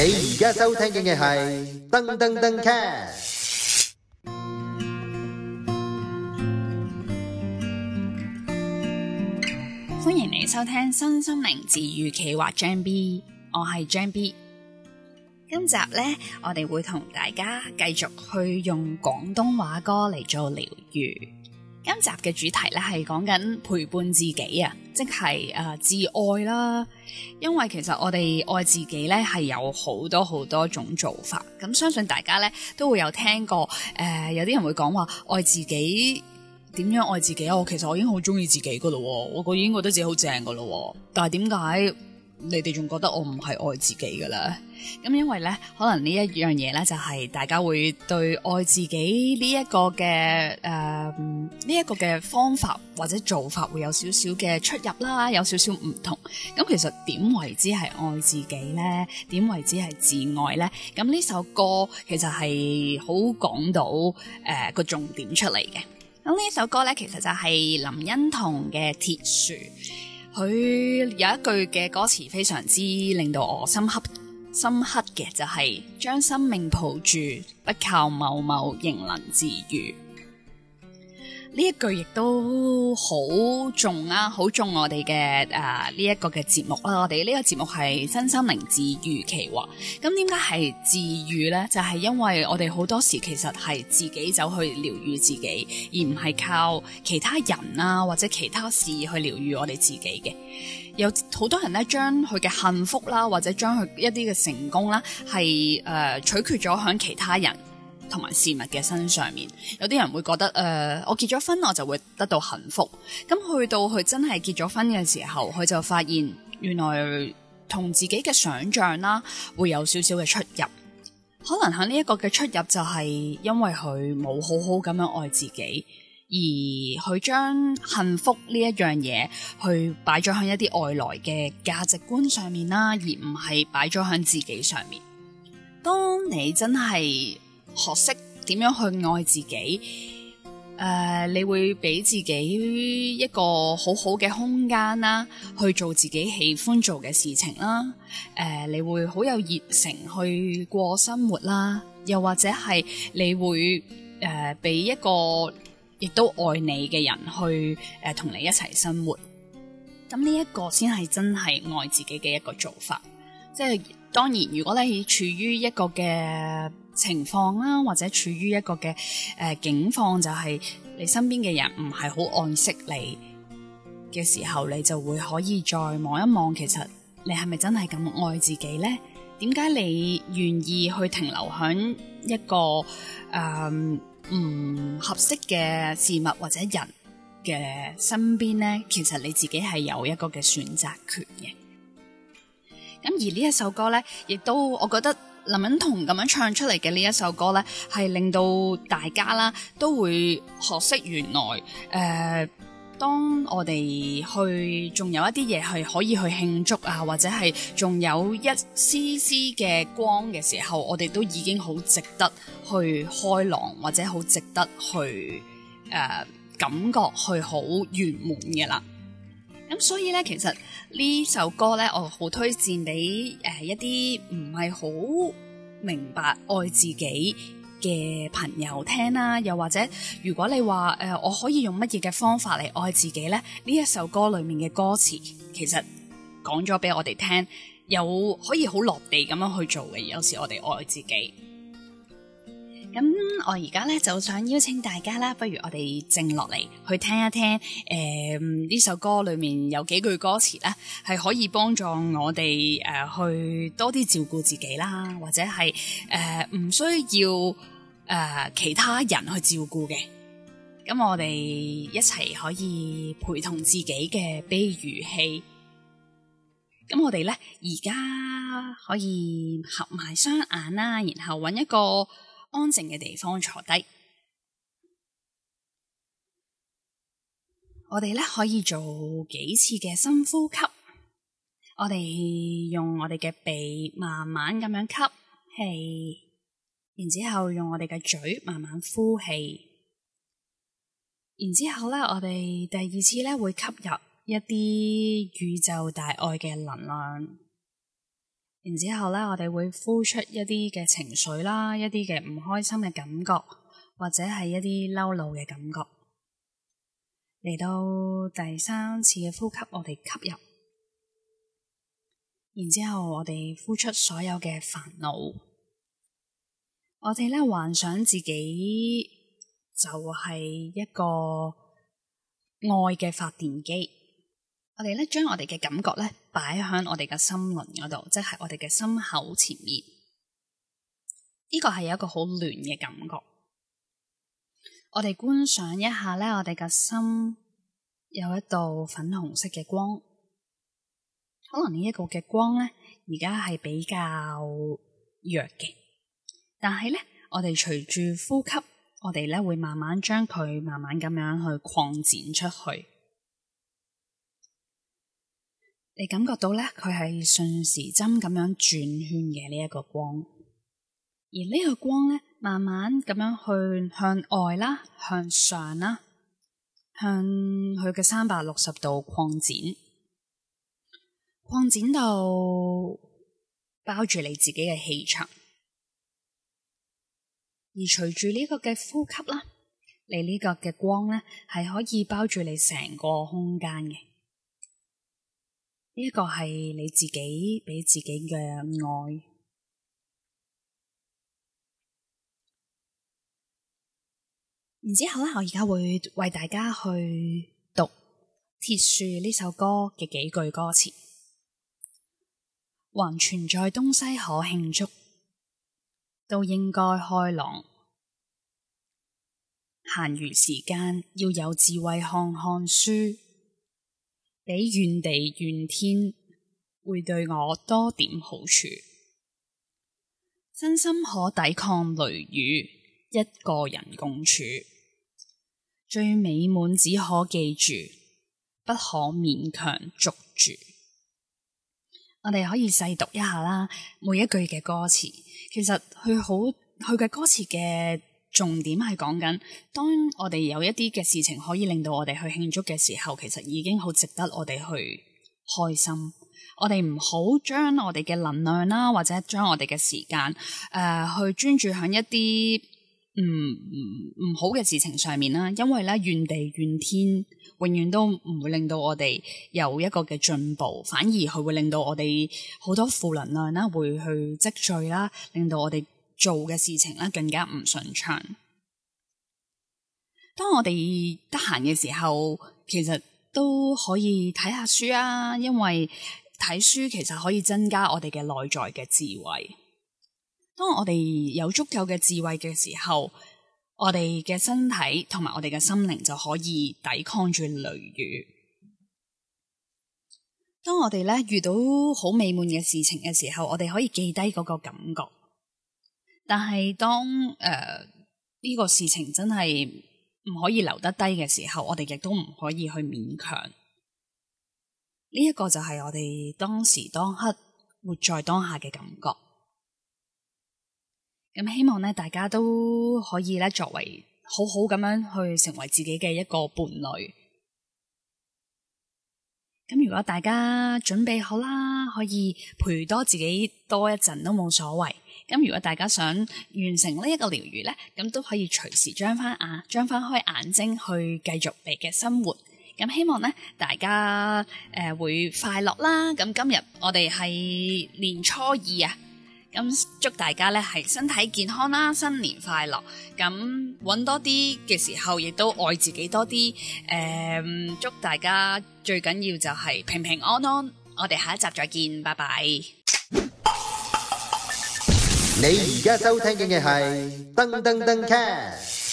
你而家收聽嘅係噔噔噔 cast，歡迎你收聽新心靈治癒企劃張 B，我係張 B，今集呢，我哋會同大家繼續去用廣東話歌嚟做療癒。今集嘅主題咧係講緊陪伴自己啊，即係誒、呃、自愛啦。因為其實我哋愛自己咧係有好多好多種做法。咁相信大家咧都會有聽過，誒、呃、有啲人會講話愛自己點樣愛自己啊。我其實我已經好中意自己噶咯，我個已經覺得自己好正噶咯。但係點解？你哋仲覺得我唔係愛自己嘅啦？咁因為呢，可能呢一樣嘢呢，就係大家會對愛自己呢一個嘅誒，呢一個嘅方法或者做法會有少少嘅出入啦，有少少唔同。咁其實點為之係愛自己呢？點為之係自愛呢？咁呢首歌其實係好講到誒個重點出嚟嘅。咁呢首歌呢，其實就係林欣彤嘅《鐵樹》。佢有一句嘅歌詞非常之令到我深刻深刻嘅，就是，就係將生命抱住，不靠某某仍能自愈。呢一句亦都好重啊，好重我哋嘅，誒呢一個嘅節目啦。我哋呢個節目係身心靈治愈期，咁點解係治愈咧？就係、是、因為我哋好多時其實係自己走去療愈自己，而唔係靠其他人啊或者其他事去療愈我哋自己嘅。有好多人咧將佢嘅幸福啦、啊、或者將佢一啲嘅成功啦係誒取決咗響其他人。同埋事物嘅身上面，有啲人會覺得誒、呃，我結咗婚，我就會得到幸福。咁去到佢真係結咗婚嘅時候，佢就發現原來同自己嘅想象啦，會有少少嘅出入。可能喺呢一個嘅出入就係因為佢冇好好咁樣愛自己，而佢將幸福呢一樣嘢去擺咗喺一啲外來嘅價值觀上面啦，而唔係擺咗響自己上面。當你真係。學識點樣去愛自己，誒、呃，你會俾自己一個好好嘅空間啦，去做自己喜歡做嘅事情啦。誒、呃，你會好有熱誠去過生活啦，又或者係你會誒俾、呃、一個亦都愛你嘅人去誒同、呃、你一齊生活。咁呢一個先係真係愛自己嘅一個做法。即、就、係、是、當然，如果你處於一個嘅。情況啦，或者處於一個嘅誒、呃、境況，就係、是、你身邊嘅人唔係好愛惜你嘅時候，你就會可以再望一望，其實你係咪真係咁愛自己呢？點解你願意去停留喺一個誒唔、呃、合適嘅事物或者人嘅身邊呢？其實你自己係有一個嘅選擇權嘅。咁而呢一首歌呢，亦都我覺得。林敏彤咁樣唱出嚟嘅呢一首歌呢，係令到大家啦都會學識原來誒、呃，當我哋去，仲有一啲嘢係可以去慶祝啊，或者係仲有一絲絲嘅光嘅時候，我哋都已經好值得去開朗，或者好值得去誒、呃、感覺去好圓滿嘅啦。咁、嗯、所以咧，其實呢首歌咧，我好推薦俾誒、呃、一啲唔係好明白愛自己嘅朋友聽啦。又或者，如果你話誒、呃，我可以用乜嘢嘅方法嚟愛自己咧？呢一首歌裡面嘅歌詞，其實講咗俾我哋聽，有可以好落地咁樣去做嘅。有時我哋愛自己。咁我而家咧就想邀請大家啦，不如我哋靜落嚟，去聽一聽，誒、呃、呢首歌裡面有幾句歌詞啦，係可以幫助我哋誒、呃、去多啲照顧自己啦，或者係誒唔需要誒、呃、其他人去照顧嘅。咁我哋一齊可以陪同自己嘅悲與喜。咁我哋咧而家可以合埋雙眼啦，然後揾一個。安靜嘅地方坐低，我哋咧可以做幾次嘅深呼吸。我哋用我哋嘅鼻慢慢咁樣吸氣，然之後用我哋嘅嘴慢慢呼氣。然之後咧，我哋第二次咧會吸入一啲宇宙大愛嘅能量。然之後咧，我哋會呼出一啲嘅情緒啦，一啲嘅唔開心嘅感覺，或者係一啲嬲怒嘅感覺。嚟到第三次嘅呼吸，我哋吸入，然之後我哋呼出所有嘅煩惱。我哋咧幻想自己就係一個愛嘅發電機。我哋咧將我哋嘅感覺咧。擺喺我哋嘅心輪嗰度，即係我哋嘅心口前面，呢個係有一個好亂嘅感覺。我哋觀賞一下咧，我哋嘅心有一道粉紅色嘅光，可能呢一個嘅光咧，而家係比較弱嘅，但係咧，我哋隨住呼吸，我哋咧會慢慢將佢慢慢咁樣去擴展出去。你感覺到咧，佢係順時針咁樣轉圈嘅呢一個光，而呢個光咧，慢慢咁樣去向外啦、向上啦、向佢嘅三百六十度擴展，擴展到包住你自己嘅氣層，而隨住呢個嘅呼吸啦，你呢個嘅光咧係可以包住你成個空間嘅。呢一個係你自己畀自己嘅愛。然之後呢，我而家會為大家去讀《鐵樹》呢首歌嘅幾句歌詞。還存在東西可慶祝，都應該開朗。閒餘時間要有智慧，看看書。你怨地怨天，會對我多點好處。真心可抵抗雷雨，一個人共處最美滿，只可記住，不可勉強捉住。我哋可以細讀一下啦，每一句嘅歌詞，其實佢好佢嘅歌詞嘅。重點係講緊，當我哋有一啲嘅事情，可以令到我哋去慶祝嘅時候，其實已經好值得我哋去開心。我哋唔好將我哋嘅能量啦，或者將我哋嘅時間誒、呃、去專注喺一啲唔唔好嘅事情上面啦。因為咧，怨地怨天，永遠都唔會令到我哋有一個嘅進步，反而佢會令到我哋好多負能量啦，會去積聚啦，令到我哋。做嘅事情咧更加唔順暢。當我哋得閒嘅時候，其實都可以睇下書啊，因為睇書其實可以增加我哋嘅內在嘅智慧。當我哋有足夠嘅智慧嘅時候，我哋嘅身體同埋我哋嘅心靈就可以抵抗住雷雨。當我哋咧遇到好美滿嘅事情嘅時候，我哋可以記低嗰個感覺。但係當誒呢、呃這個事情真係唔可以留得低嘅時候，我哋亦都唔可以去勉強。呢、這、一個就係我哋當時當刻活在當下嘅感覺。咁希望咧，大家都可以咧，作為好好咁樣去成為自己嘅一個伴侶。咁如果大家準備好啦，可以陪多自己多一陣都冇所謂。咁如果大家想完成呢一個療愈咧，咁都可以隨時將翻眼，將翻開眼睛去繼續你嘅生活。咁希望咧，大家誒、呃、會快樂啦。咁今日我哋係年初二啊。咁祝大家咧係身體健康啦，新年快樂！咁揾多啲嘅時候，亦都愛自己多啲。誒、呃，祝大家最緊要就係平平安安。我哋下一集再見，拜拜！你而家收聽嘅係登登登 c